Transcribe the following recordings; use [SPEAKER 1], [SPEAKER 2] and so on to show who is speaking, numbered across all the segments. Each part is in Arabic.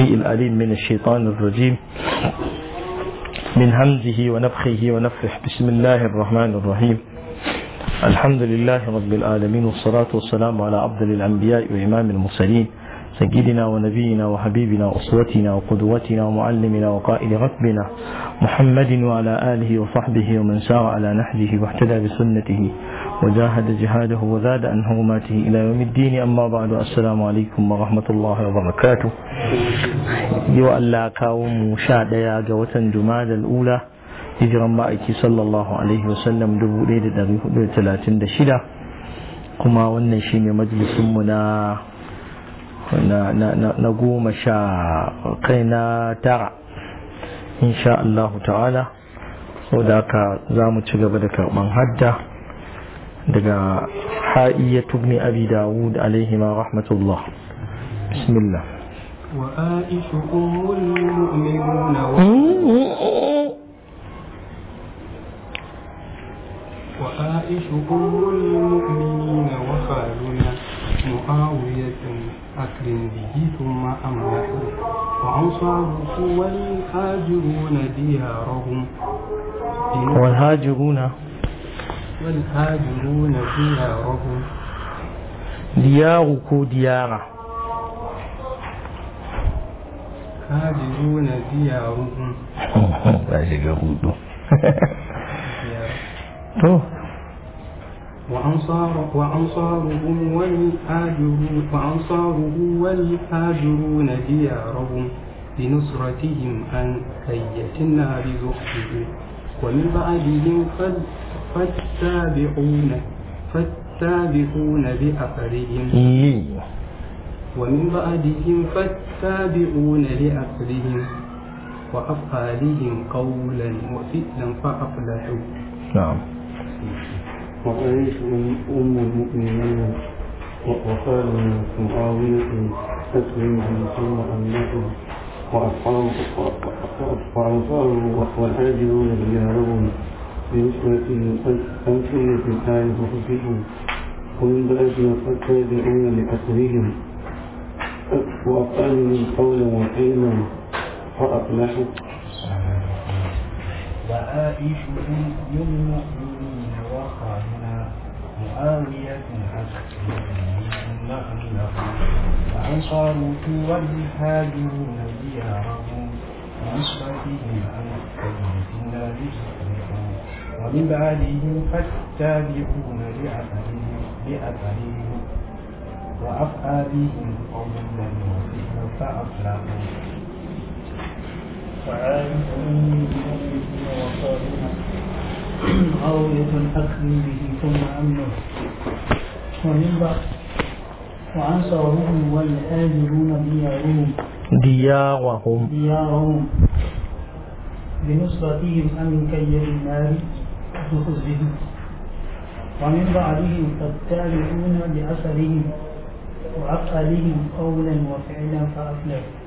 [SPEAKER 1] الأليم من الشيطان الرجيم من همزه ونفخه ونفخه بسم الله الرحمن الرحيم الحمد لله رب العالمين والصلاة والسلام على عبد الأنبياء وإمام المرسلين سيدنا ونبينا وحبيبنا وأسوتنا وقدوتنا ومعلمنا وقائد ربنا محمد وعلى آله وصحبه ومن سار على نهجه واهتدى بسنته وجاهد جهاده وزاد عن هموماته إلى يوم الدين أما بعد السلام عليكم ورحمة الله وبركاته يو ألا كاوم مشاهد يا جوة جماد الأولى hijiran ma'aiki da alaihi da 1436 kuma wannan shi ne majalisunmu na na goma sha kai na tara insha Allahu ta'ala so da haka za mu ci gaba da karban hadda daga ha'iyatu ibn abi dawud alaihi ma rahmatullah bismillah
[SPEAKER 2] وآئش أم وآئش أم المؤمنين وخالنا معاوية أكرم به ثم أمنحه وأنصاره والهاجرون ديارهم
[SPEAKER 1] والهاجرون
[SPEAKER 2] والهاجرون ديارهم
[SPEAKER 1] ديارك ديارة
[SPEAKER 2] هاجرون ديارهم ماشي تو وأنصارهم والهاجرون وأنصاره والهاجرون ديارهم لنصرتهم أن هيتنا النار ومن بعدهم فد فالسابقون فالسابقون بأثرهم ومن بعدهم فالتابعون لأثرهم وأفعالهم قولا وفئلا فأفلحوا نعم وعيش أم المؤمنين وقال معاوية أسلم عن الله أنه وأصحابه والحاجرون يجهرون بنسبة ألسنة الآية وحبهم ومن بعدنا قد تابعون لأقلهم وأقلهم قولا وعلما فأقلحوا وعائشة أم المؤمنين وخالنا معاوية حسن وأنصار والهاجرون ديارهم بنسبتهم أن في النار وببعدهم فاتبعون لأثرهم لأثرهم وأفعالهم قولا وفيهم فأفلحوا وعاد غاوية الحكم به ثم أمره ومن والآجرون ديارهم
[SPEAKER 1] ديارهم
[SPEAKER 2] ديارهم بنصرتهم أمن كيد النار بحزبه ومن بعدهم فالتابعون بأثرهم وعقلهم قولا وفعلا فأفلحوا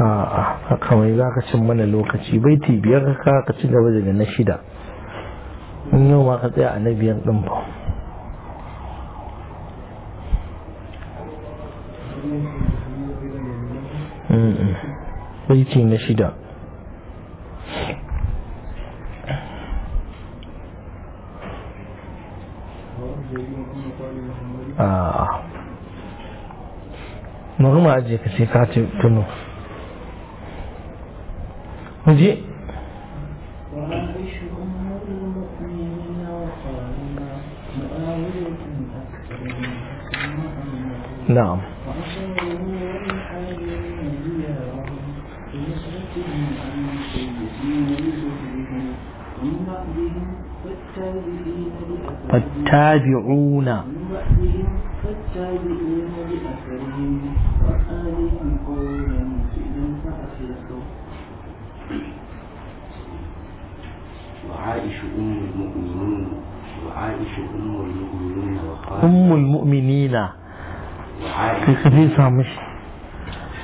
[SPEAKER 1] a'a kawai za ka cin mana lokaci baiti biyar ka ka ci gaba daga na shida in yau ma ka tsaya a na biyar ɗin ba baiti na shida a maruma ka ka tuno
[SPEAKER 2] تابعون وعائشة أم المؤمنين وعائشة أم المؤمنين وقالت أم
[SPEAKER 1] المؤمنين
[SPEAKER 2] وعائشة
[SPEAKER 1] مش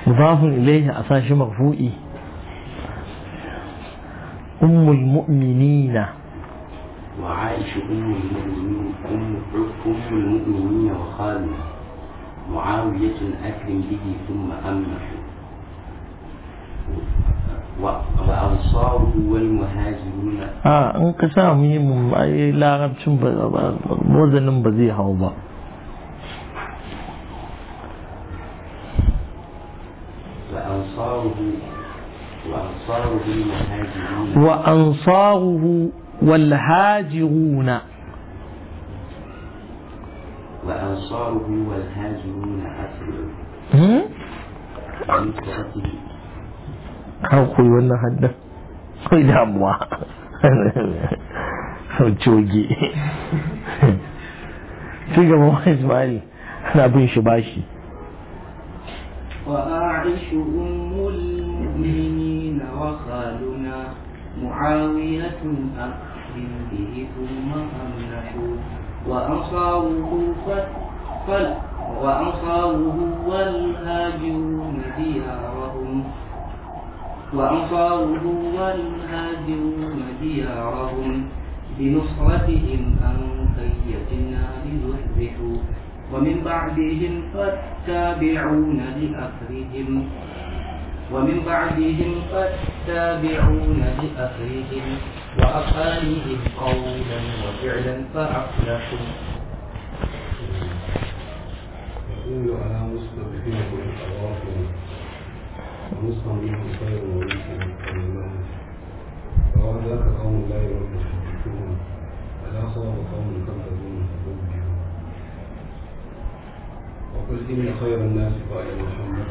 [SPEAKER 1] مضاف إليه أساس مغفوئي أم المؤمنين
[SPEAKER 2] وعائشة أم المؤمنين أم المؤمنين وخالها معاوية أكرم به ثم امنحه وأنصاره والمهاجرون
[SPEAKER 1] آه أنك سامي لا غب شنب وزن بزيها وأنصاره
[SPEAKER 2] وأنصاره المهاجرون
[SPEAKER 1] وأنصاره والهاجرون
[SPEAKER 2] وأنصاره والهاجرون أكثر
[SPEAKER 1] أو قوي ولا حدا قوي دعموا sojoji ci gaba wa ismail ana bin shi bashi
[SPEAKER 2] وأعش أم المؤمنين وخالو معاوية أقسم به ثم أمنحوا وأنصاره فل وأنصاره والهاجرون ديارهم وأنصاره والهاجرون ديارهم بنصرتهم أن خيتنا النار ومن بعدهم فالتابعون لأثرهم ومن بعدهم فالتابعون بأخيهم وأخانهم قولا وفعلا فأفلحوا يقول أنا مسلم فيه الأواف ومسلم به الخير وليس من الله فقال ذاك قوم لا يرد يحدثون ألا صاب قوم كذبون فأبدلوا وقل إن خير الناس بعد محمد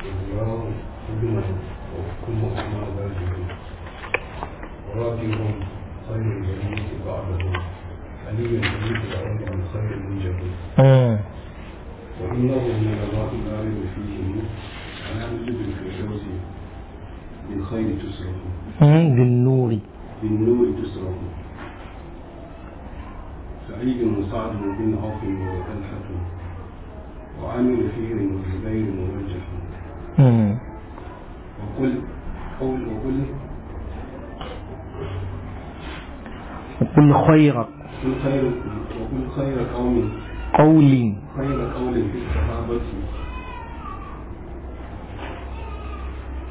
[SPEAKER 2] إذ ابنهم وحكمهما والدهم ورابهم خير الجنود بعدهم علي الجنود الأول من خير المنجبين وإنه من الله الغالب فيهم على وجود الفردوس بالخير تسرهم
[SPEAKER 1] بالنور
[SPEAKER 2] بالنور تسرهم سعيد وسعد بن عوف وطلحة وعامر فيه وزبير ومنجح كل قول وكل
[SPEAKER 1] وكل خير
[SPEAKER 2] وكل خير وكل خير قوم قول خير قول في الصحابة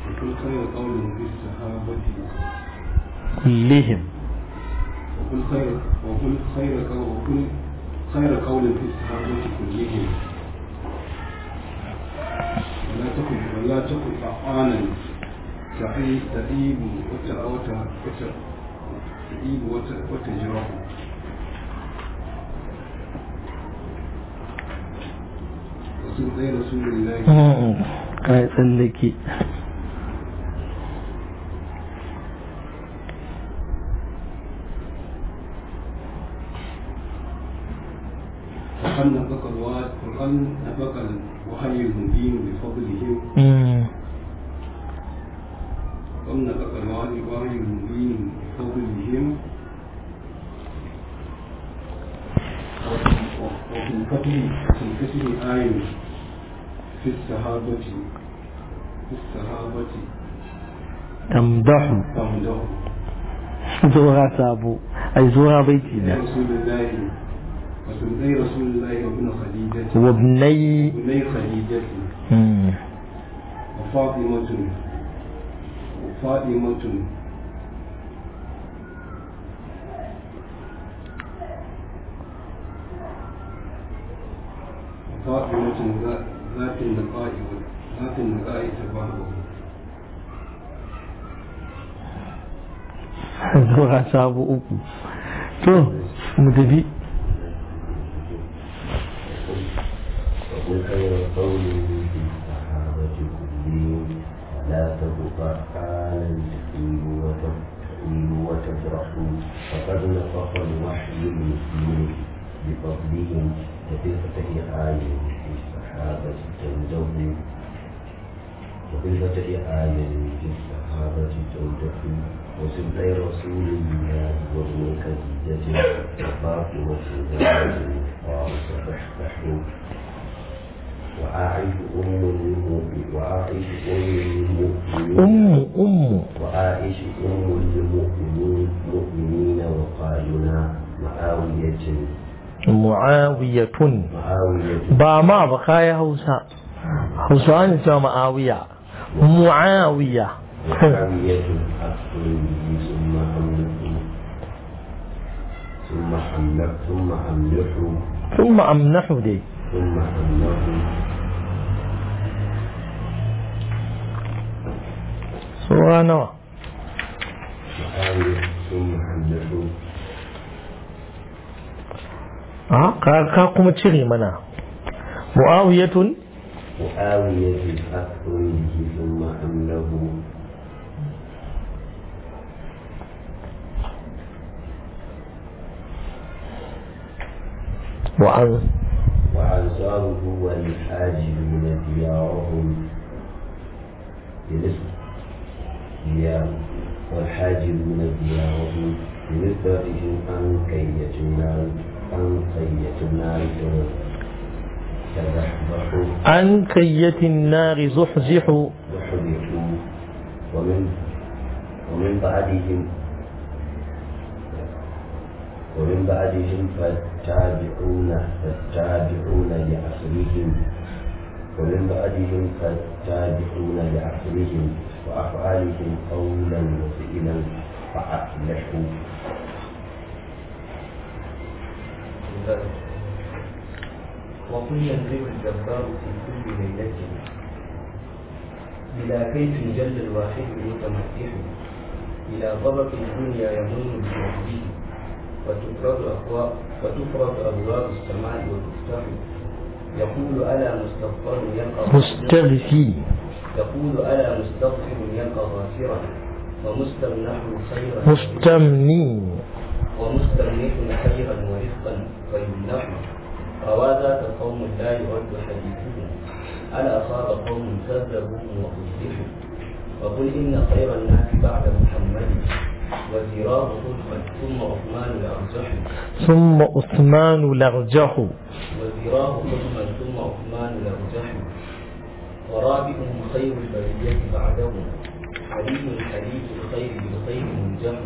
[SPEAKER 2] وكل خير قول في الصحابة كلهم وكل خير وكل خير قول وكل خير قول في الصحابة كلهم ولا تكن ولا تكن طعانا تعيب وتعيب
[SPEAKER 1] kai tsallake
[SPEAKER 2] من فضلهم ومن كثر آي في الصحابة في الصحابة
[SPEAKER 1] تمدح تمدح زورا سابو أي زورا بيتنا رسول
[SPEAKER 2] الله وابني رسول الله وابن خديجة وابني وابني خديجة وفاطمة وفاطمة طائرة ذات النقاء ذات النقاء تبارك
[SPEAKER 1] Zuwa sabu uku. To, mu tafi.
[SPEAKER 2] خير قول في الصحابة كلهم لا تبقى حالا تحيل وتحيل فقد نطق الوحي المسلم بفضلهم وبالفتح آل آية في الصحابة تنزه وبالفتح آل في الصحابة تنزه وسبطي رسول الله وابن كديدة وفاطمة زوجة فاصبحته وأعيش أم المؤمن وأعيش أم المؤمنين أم أم وأعيش أم المؤمنين مؤمنين وقالنا معاوية
[SPEAKER 1] معاوية با ما بخايا هوسا هوسا أنا سوى معاوية معاوية ثم أمنحوا دي
[SPEAKER 2] ثم أمنحوا
[SPEAKER 1] سورة نوى
[SPEAKER 2] ثم أمنحوا
[SPEAKER 1] ka kuma cire mana mu'awiyatun
[SPEAKER 2] معاوية akwai ثم أمله وعن وأنصاره والحاجبون ديارهم بنسبة ديار ديارهم كي يجمعوا
[SPEAKER 1] عن كية النار زحزح
[SPEAKER 2] ومن ومن بعدهم ومن بعدهم فالتابعون فالتابعون لعصرهم ومن بعدهم فالتابعون لعصرهم وأفعالهم قولا وفعلا فأفلحوا الفرد وقل يملك الجبار في كل ليلة بلا كيف جل الواحد متمسح إلى ضبط الدنيا يمن بوحده وتفرد أبواب وتفرد أبواب السماء وتفتح يقول ألا مستغفر يلقى مستغفي يقول ألا مستغفر يلقى غافرا ومستمنح خيرا مستمنين ومستميت خيرا ورفقا فيمنع فواذاك قوم لا يرد حديثهم ألا صار قوم كذبوهم وكذبوا وقل إن خير الناس بعد محمد وزراه خلفا ثم عثمان الأرجح
[SPEAKER 1] ثم عثمان الأرجح
[SPEAKER 2] وزراه خلفا ثم عثمان الأرجح ورابعهم خير البرية بعدهم علي الحديث الخير بخير منجح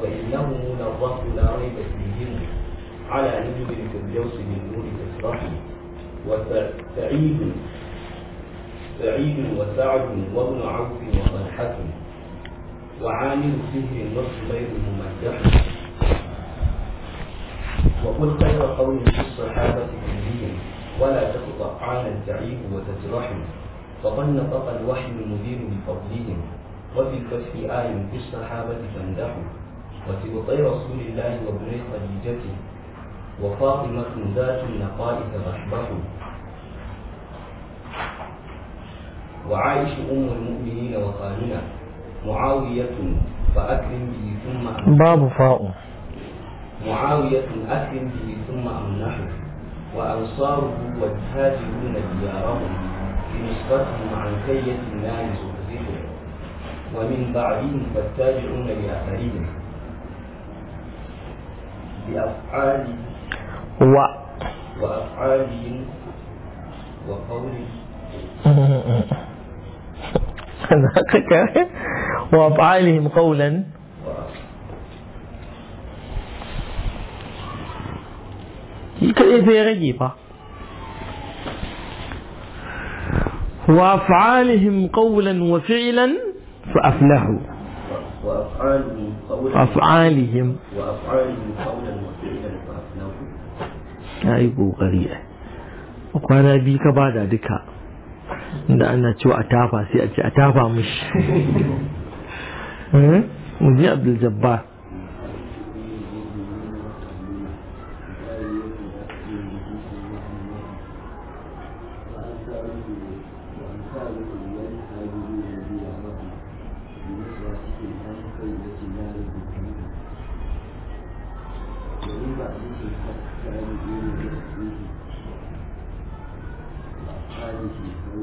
[SPEAKER 2] وإنه نظرت لا ريب فيهم على نجم الفردوس بالنور تسرح وسعيد سعيد وسعد وابن عوف وطلحة وعامل سهر غير ممدح وقل خير قول في الصحابة كلهم ولا تقطعان الزعيم وتجرح فظن نطق الوحي المدير بفضلهم وفي الفتح آي في الصحابة تمدحه وسبطي رسول الله وابن خديجته وفاطمة ذات النقائص غشبه وعائشة أم المؤمنين وخالنا معاوية فأكرم به ثم باب فاء معاوية أكرم به ثم أمنحه وأنصاره والهاجرون ديارهم بنصرتهم عن كية لا زحزحه ومن بعدهم فالتاجرون بأثرهم بأفعاله و وأفعالهم وقوله
[SPEAKER 1] ذاك وأفعالهم قولا كيف يغيب وأفعالهم قولا وفعلا فأفلحوا
[SPEAKER 2] وأفعالهم قولا وفعلا
[SPEAKER 1] ya yi kokari a kwana biyu ka bada duka da ana cewa a tafa sai a ce a tafa mishi eh? mu je abdul jabbar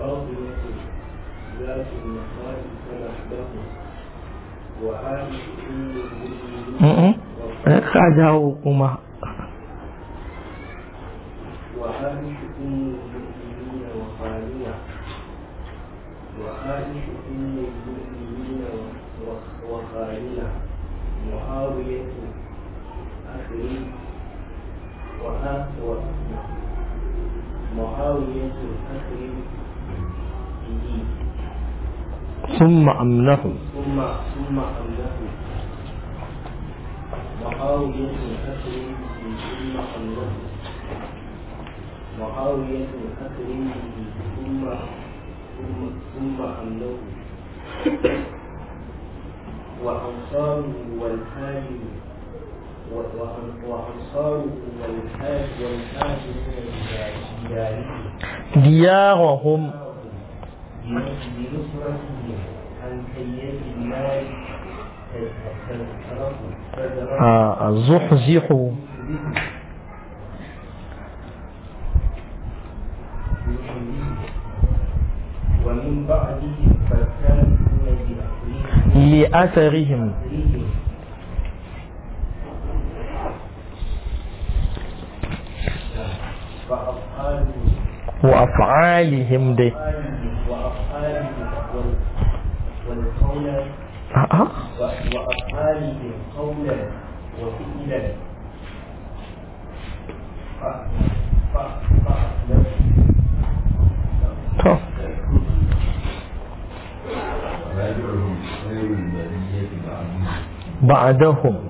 [SPEAKER 2] الفاضلة ذات المخالف فلحبه وعالم كل المسلمين
[SPEAKER 1] وقومه
[SPEAKER 2] وحارش أم المؤمنين وخالية وحارش أم المؤمنين وخالية معاوية أخي وها معاوية
[SPEAKER 1] ثم أمنه
[SPEAKER 2] ثم ثم أمنه معاوية أكرم ثم أمنه معاوية ثم ثم ثم وأنصاره والهاجر وأنصاره والهاجر
[SPEAKER 1] ديارهم
[SPEAKER 2] بيسرى عن المال آه زحزح ومن بعده فكان
[SPEAKER 1] لأثرهم وأفعالهم دي
[SPEAKER 2] أه. وأفعالهم قولا وفعلا
[SPEAKER 1] طب بعدهم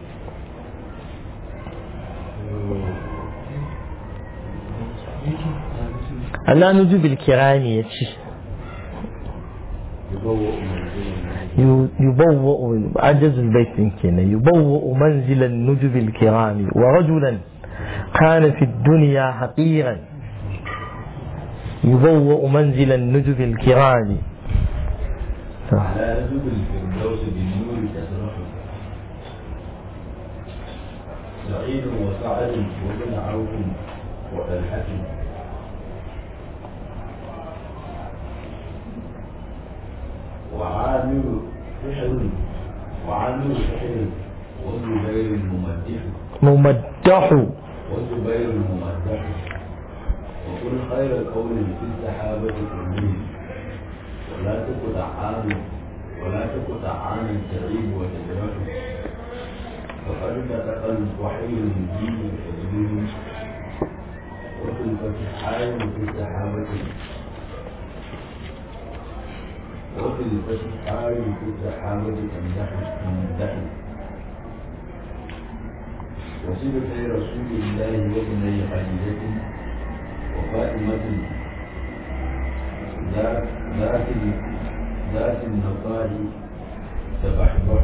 [SPEAKER 1] الآن ندب بالكرام يتشي يبوء عجز البيت كنا يبوء منزل النجب الكرام ورجلا كان في الدنيا حقيرا يبوء منزل النجب الكرام
[SPEAKER 2] سعيد وسعد وبن عوف والحكم وعامل فعل وعامل فعل والزبير الممدح
[SPEAKER 1] ممدح
[SPEAKER 2] وزبير الممدح وكن خير قول في السحابة كلهم ولا تقطع عامل ولا تقطع عامر تعيب وتجربه فقد نطق الوحيد الدين الحزين وفي الفتحان في السحابة وفي الفتح آل تتحاول تمدحه تمدحه وصفة رسول الله وابني خديجة وفاطمة ذات ذات ذات النقاع تبحبح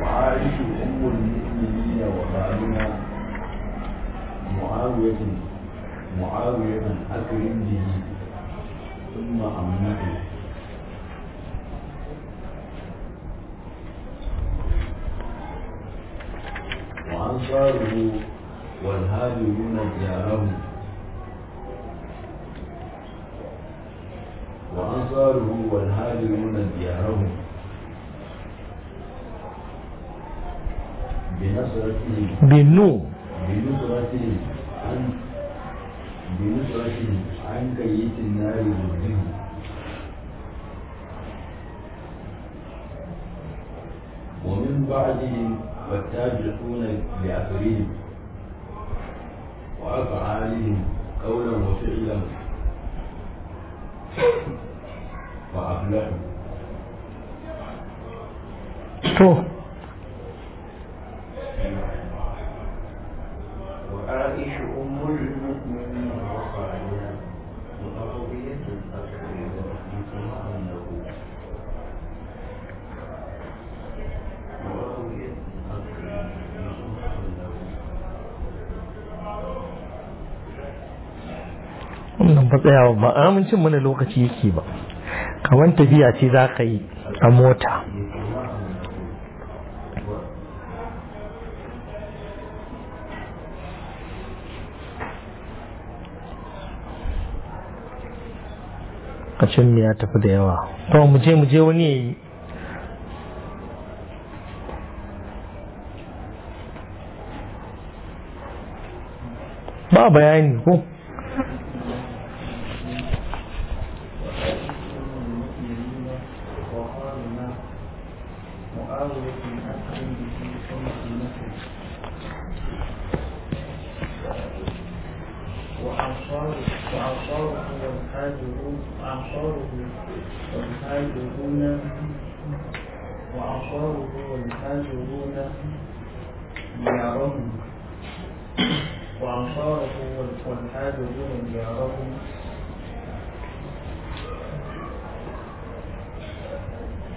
[SPEAKER 2] وعائشة أم المؤمنين وخالها معاوية أغرب أكرم به ثم أمنعه وأنصاره والهاجرون ديارهم وأنصاره والهاجرون ديارهم بنصرته بنو بنصرته أن بنصرة عن كيس النار ضده ومن بعدهم والتابعون لأثرهم وأفعالهم قولا وفعلا فأفلحوا طيب.
[SPEAKER 1] na tsayawa ba amincin mana lokaci yake ba kamar tafiya ce za ka yi a mota kacin ya tafi da yawa to mu je mu je wani yayi ba bayani ko
[SPEAKER 2] وعشاره والآجرون ديارهم وعشاره والآجرون ديارهم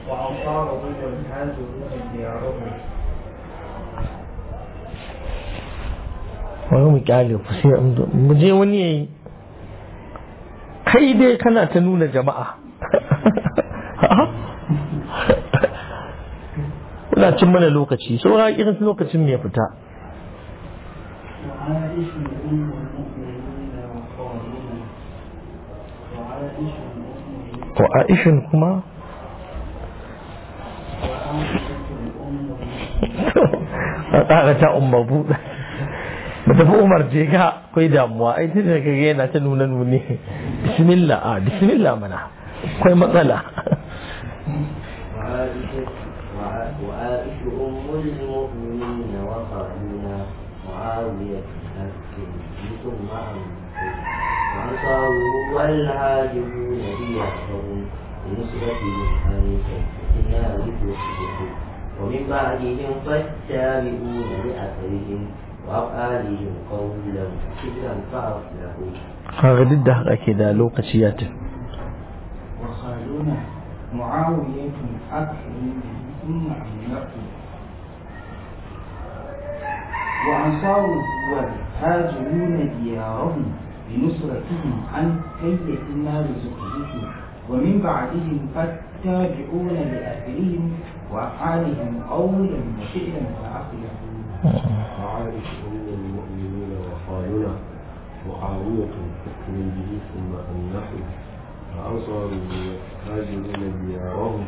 [SPEAKER 2] وعشاره والآجرون ديارهم
[SPEAKER 1] wani mu kyale ku sai mu je wani yayi kai dai kana ta nuna jama'a suna cin mana lokaci saura irin lokacin mai fita wa aishin kuma a tsara ta umma buɗa ba tafi umar je ga akwai damuwa ai tun da gaya na ta nuna nuni bismillah a bismillah mana akwai matsala
[SPEAKER 2] بالحق ثم أنتم وعصوا والعادون بيعهم بنصرة من أنفسنا بتصبحوا ومن بعدهم فالتابعون لأثرهم وأفعالهم قولا كثيرا فأفلحوا
[SPEAKER 1] هذا الدهر كذا لو قسياته
[SPEAKER 2] وقالونا معاوية أكثر ثم أملكوا وعصاه هاجرون ديارهم لنصرتهم عن كيد ما رزقهم ومن بعدهم فالتابعون لأهلهم وأفعالهم قولا وفعلا وعقلا وعائشة من المؤمنين وخالنا معاوية تكمل به ثم النحو فأنصر هاجرون ديارهم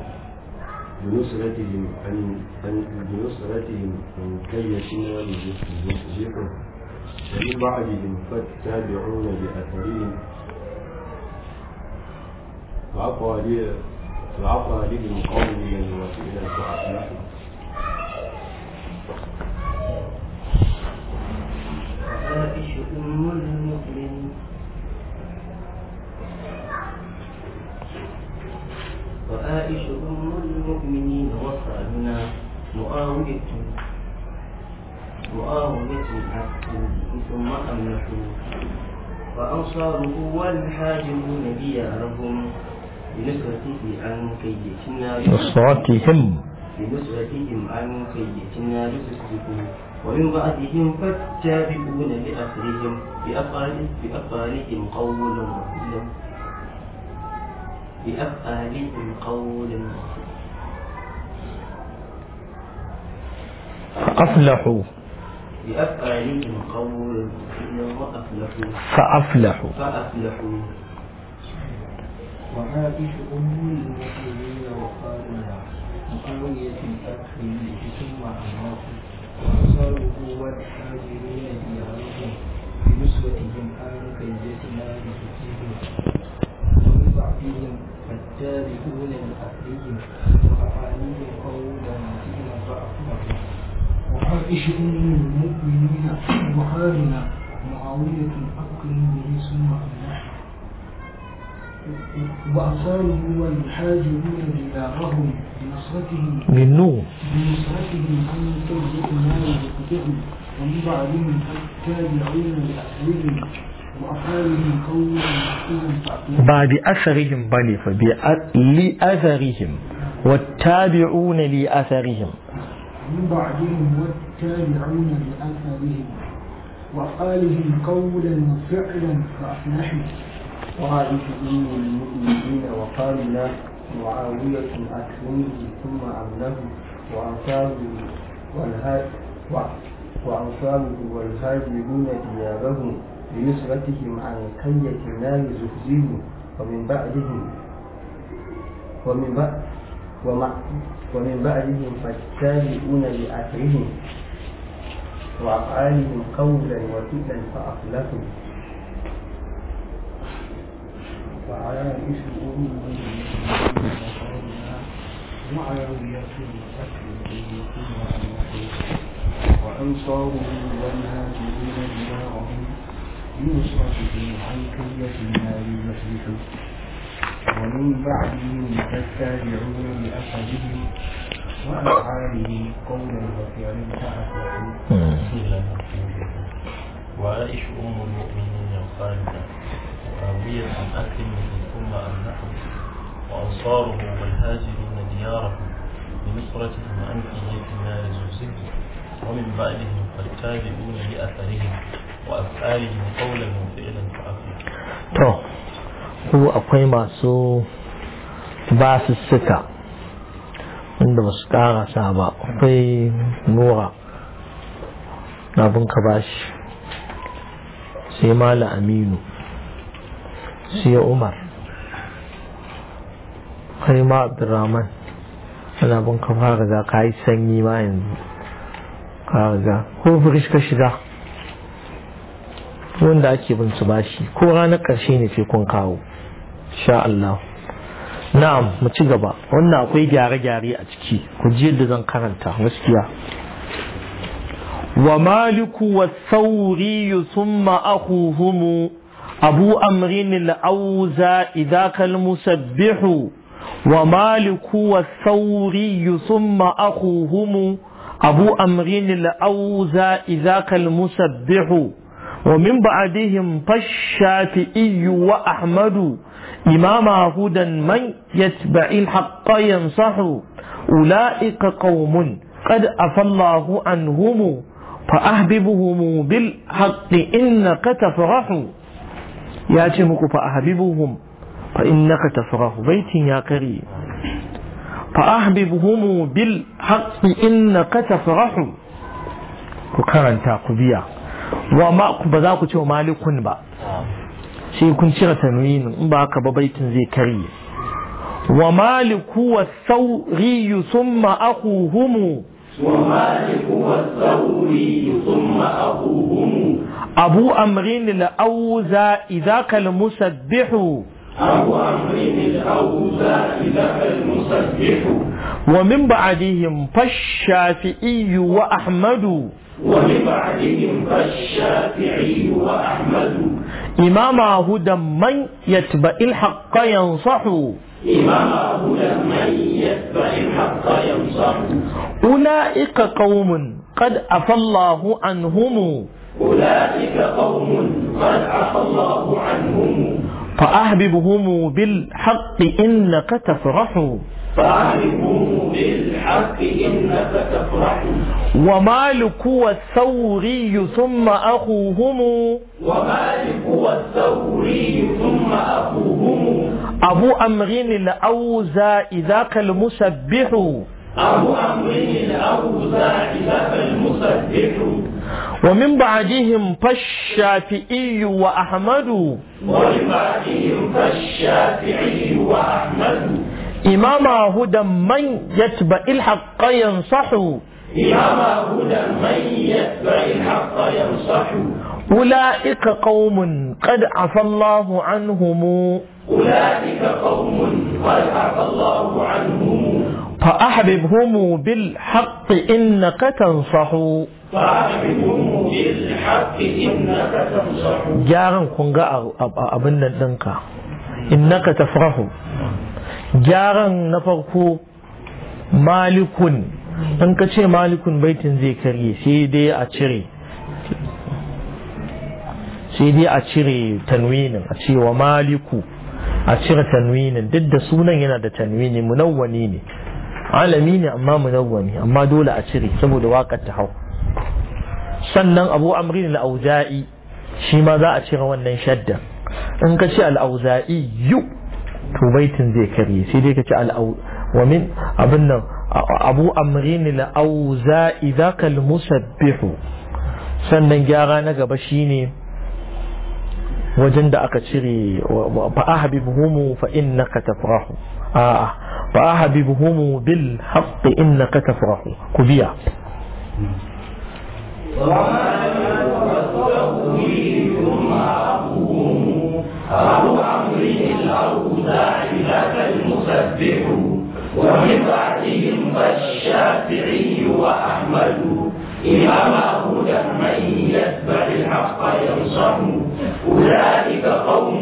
[SPEAKER 2] بنصرتهم عن عن بنصرتهم من كيشنا نزيقه ومن بعدهم فتابعون بأثرهم وعطى لهم قولا وفعلا فأصلحوا فآتش أم المؤمنين وآئش أم المؤمنين وصالنا مؤاوية مؤاوية حتى ثم أملكوا وأنصاره والحاجبون ديارهم بنصرته عن كيتنا بنصرتهم بنصرتهم عن كيتنا لتصدقوا ومن بعدهم فالتابعون لأخرهم بأقالهم قولا وكلا بأفعالهم من قول
[SPEAKER 1] أفلحوا
[SPEAKER 2] بأفعالهم من قول إن فأفلحوا فأفلحوا وعائش أم المؤمنين وخالنا مقوية الأخ ثم أماته وأنصاره والحاجرين بها بشر المؤمنين وحالنا معاوية به ثم والحاجرون ديارهم بنصرتهم بالنور بنصرتهم أن ترزق ما ومن بعدهم
[SPEAKER 1] لأثرهم بعد أثرهم والتابعون لأثرهم
[SPEAKER 2] من بعدهم والتابعون لآثارهم وقالهم قولا وفعلا فأفلحوا وعائد دين المؤمنين وقال له معاوية أكرمه ثم عمله وأنصاره والهاد وأنصاره والهاجرون ديارهم بنصرتهم عن كية النار زهزهم ومن بعدهم ومن بعد ومن بعدهم فالتابعون بأثرهم وأفعالهم قولا وفعلا فأخلفوا وعائشة أم معاوية الأكل باليقين وأنصاره والهاجرين ديارهم عن بالعنكبية ما يمسح ومن بعدهم فالتابعون بأثرهم وأفعالهم قولا وفعلا فأفلحوا وعائش أم المؤمنين الخالدة وأوية أكل من ثم نحو وأنصاره والهاجرون ديارهم بنصرتهم وأنفه في نار زوزهم ومن بعدهم فالتابعون لأثرهم وأفعالهم
[SPEAKER 1] قولا وفعلا فأفلحوا ko akwai masu basussuka inda ba su sa ba akwai nura bin ka bashi sai mala aminu sai umar kai ma abdurrahman ana bin ka fara za ka yi sanyi ma yanzu ka za ko firish ka shiga wanda ake bin su bashi ko ranar ƙarshe ne sai kun kawo insha Allah na'am mu ci gaba wannan akwai gyare-gyare a ciki ku ji yadda zan karanta gaskiya wa maliku wa sauri summa akhuhum abu amrin al-auza idaka al-musabbihu wa maliku wa sauri summa akhuhum abu amrin al-auza idaka al-musabbihu ومن بعدهم فالشافعي وأحمد إمام هدى من يتبع الحق ينصح أولئك قوم قد عفى الله عنهم فأحببهم بالحق إنك تفرح يا تمك فأحببهم فإنك تفرح بيت يا كريم فأحببهم بالحق إنك تفرح وكان تاقبيا ba za ku ce wa malikun ba sai kun cire tanwinin in ba haka ba baitin zai karye wa maliku wa sauri summa akuhumu
[SPEAKER 2] ومالك والثوري ثم أبوهم
[SPEAKER 1] أبو أمر الأوزى ذاك المسبح أبو
[SPEAKER 2] أمر الأوزى ذاك المسبح
[SPEAKER 1] ومن بعدهم فالشافعي وأحمد
[SPEAKER 2] وببعدهم كالشافعي وأحمد
[SPEAKER 1] إمام هدى من يتبع الحق ينصح
[SPEAKER 2] إمام هدى من يتبع الحق ينصح
[SPEAKER 1] أولئك قوم قد عفى الله عنهم أولئك
[SPEAKER 2] قوم قد عفى الله عنهم
[SPEAKER 1] فأحببهم بالحق إنك تفرح
[SPEAKER 2] صاحبه بالحق إنك تفرح
[SPEAKER 1] ومالك والثوري ثم أخوهم
[SPEAKER 2] ومالك والثوري ثم أخوهم
[SPEAKER 1] أبو أمر الأوزى ذاك المسبح
[SPEAKER 2] أبو أمر الأوزى ذاك المسبح
[SPEAKER 1] ومن بعدهم فالشافعي وأحمد ومن بعدهم
[SPEAKER 2] فالشافعي وأحمد
[SPEAKER 1] إماما هدى من يتبع الحق ينصح إماما هدى من يتبع الحق ينصح أولئك قوم قد عفى الله عنهم أولئك قوم قد عفى الله
[SPEAKER 2] عنهم
[SPEAKER 1] فأحببهم بالحق إنك تنصح
[SPEAKER 2] فأحببهم بالحق إنك تنصح
[SPEAKER 1] جارا كنغا أبنى دنكا إنك تفرح gyaran na farko malikun in ka ce malikun baitin zai karye sai dai a cire sai dai a cire tanwinin a cewa maliku a cire tanwinin duk da sunan yana da tanwini munawwani ne alami ne amma munawwani amma dole a cire saboda waƙar ta hau sannan abu amrin ne la'auza'i shi ma za a cire wannan shaddan in ka ce al'auza'i yu to baitin zai karye sai dai ka ci al'au wa min abin nan abu amrin al'auza idaka al-musabbihu sannan gyara na gaba shine wajen da aka cire fa ahbibuhum fa innaka tafrahu a'a fa ahbibuhum bil haqq innaka tafrahu kubiya
[SPEAKER 2] وما يوفقهم أبوهم والملاحدة المصدق ومن بعدهم الشافعي وأحمد هدى من يتبع الحق ينصح أولئك قوم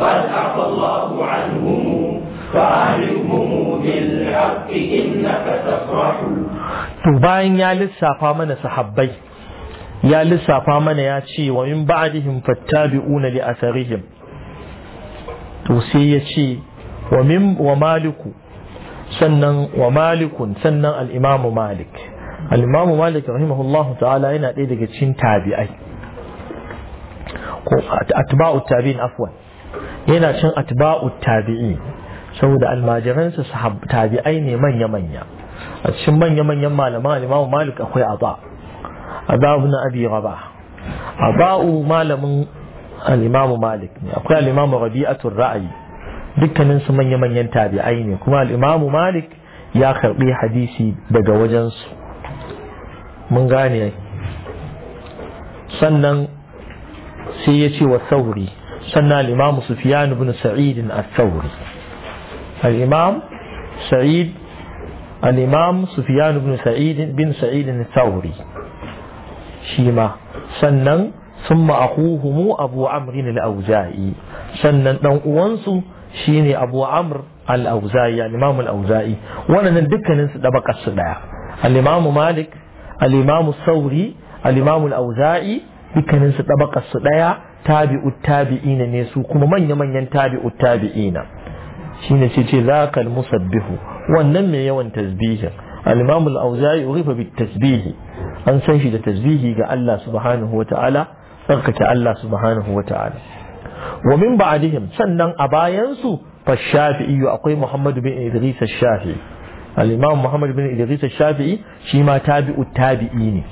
[SPEAKER 2] قد عفى الله عنهم فأعلمهم بالحق إنك تفرح
[SPEAKER 1] To يا لسا قامنا صحبي يا لسا قامنا يا شي ومن بعدهم min لأثرهم to sai ya ce wa maliku sannan wa malikun sannan al'imamu malik al'imamu malik rahimahullah ta'ala yana ɗaya daga cikin tabi'ai ko atba'u tabi'in afwan yana cin atba'u tabi'i saboda almajiransa tabi'ai ne manya-manya a cikin manya-manyan malaman al'imamu malik akwai aba aba ibn abi rabah aba'u malamin al'imamu malik ne akwai al'imamu rabi'atul ra'ayi dukkanin su manya-manyan tabi'ai ne kuma al'imamu malik ya karbi hadisi daga wajensu mun gane sannan sai ya ce wa sauri sannan al'imamu sufiyan ibn sa'idin a sauri al'imam sa'id al'imam sufiyan ibn sa'idin bin sa'idin sauri shi ma sannan ثم أخوهم أبو عمرو sannan ɗan uwansu shine Abu Amr al-Auza'i auzai wannan dukkanin su dabakar su daya al Malik al-Imam Sauri al auzai dukkanin su dabakar su daya tabi'u tabi'ina ne su kuma manya manyan tabi'u tabi'ina shine ce za zakal musabbihu wannan mai yawan tasbihin Alimamul auzai urifa bit tasbihi an san shi da tasbihi ga Allah subhanahu wa ta'ala tsarkake Allah subhanahu wa ta'ala wa min ba'dihim sannan a bayan su fa shafi'i akwai Muhammad bin Idris shafii al-Imam Muhammad bin Idris shafii shi ma tabi'u tabi'i ne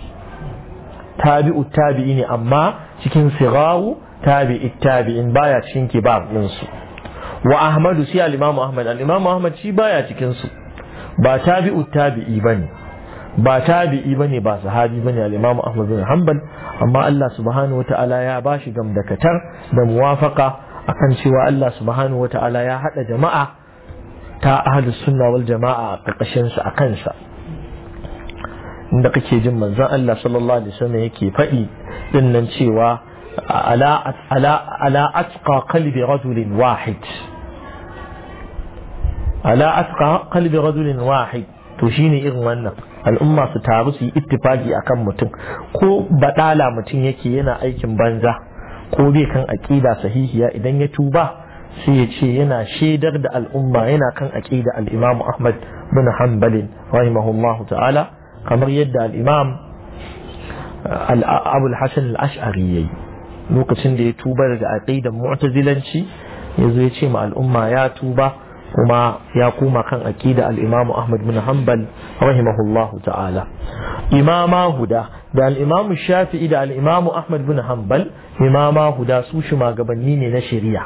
[SPEAKER 1] tabi'u tabi'i ne amma cikin sigawu tabi'i tabi'in baya cikin kibab din su wa Ahmadu sai al-Imam Ahmad al-Imam Ahmad shi baya cikin su ba tabi'u tabi'i bane ba tabi'i bane ba sahabi bane al-Imam Ahmad bin Hanbal amma Allah subhanahu wata'ala ya bashi gamdakatar da muwafaka akan cewa Allah subhanahu wata'ala ya hada jama'a ta ahlus sunna wal jama'a a karkashin a akan sa inda kake jin manzon Allah sallallahu alaihi wasallam yake faɗi din nan cewa ala ala ala atqa qalbi rajulin wahid ala atqa qalbi rajulin wahid to shine irin wannan al'umma su taru su yi ittifaki akan mutum ko badala mutum yake yana aikin banza ko bai kan aƙida sahihiya idan ya tuba sai ya ce yana shaidar da al'umma yana kan aƙida al-Imam Ahmad bin Hanbal rahimahullahu ta'ala kamar yadda al-Imam uh, Abu al-Hasan al-Ash'ari yayi lokacin da ya tuba daga aqidan mu'tazilanci yazo ya ce ma al'umma ya tuba kuma ya kuma kan aqida al-Imam Ahmad bin Hanbal rahimahullahu ta'ala imama huda da al-Imam Shafi'i da al Ahmad bin Hanbal imama huda su shugabanni ne na shari'a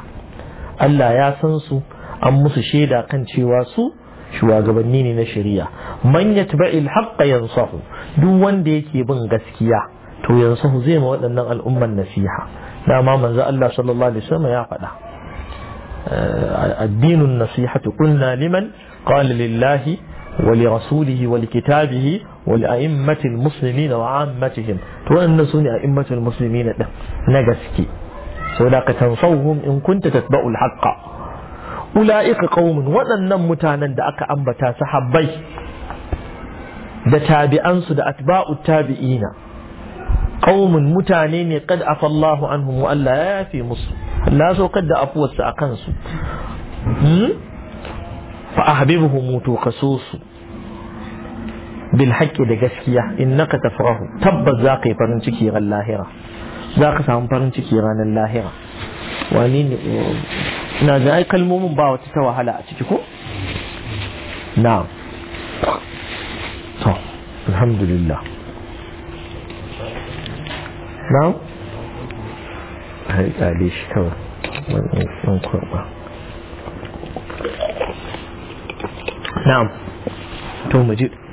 [SPEAKER 1] Allah ya san su an musu shaida kan cewa su shugabanni ne na shari'a man yatba'i al-haqqa yansahu duk wanda yake bin gaskiya to yansahu zai ma waɗannan al'umman nasiha dama manzo Allah sallallahu alaihi wasallam ya faɗa آه، الدين النصيحة قلنا لمن قال لله ولرسوله ولكتابه ولأئمة المسلمين وعامتهم وأن سني أئمة المسلمين نجسكي سولاك تنصوهم إن كنت تتبع الحق أولئك قوم وأن متانا دعك أنبتا سحبي أنس أتباء التابعين قوم متانين قد أفى الله عنهم وألا يافي مسلم na saukar da afuwarsa a kansu hmm? fa ahbibuhu mutu kaso su bil da gaskiya innaka tafrahu tabbas za ka yi farin ciki ran lahira za ka samu farin ciki ranar lahira wani ne na da ai kalmomin ba wata ta wahala a ciki ko na to alhamdulillah a kyale shi kawai wannan kurba na'am to mu ji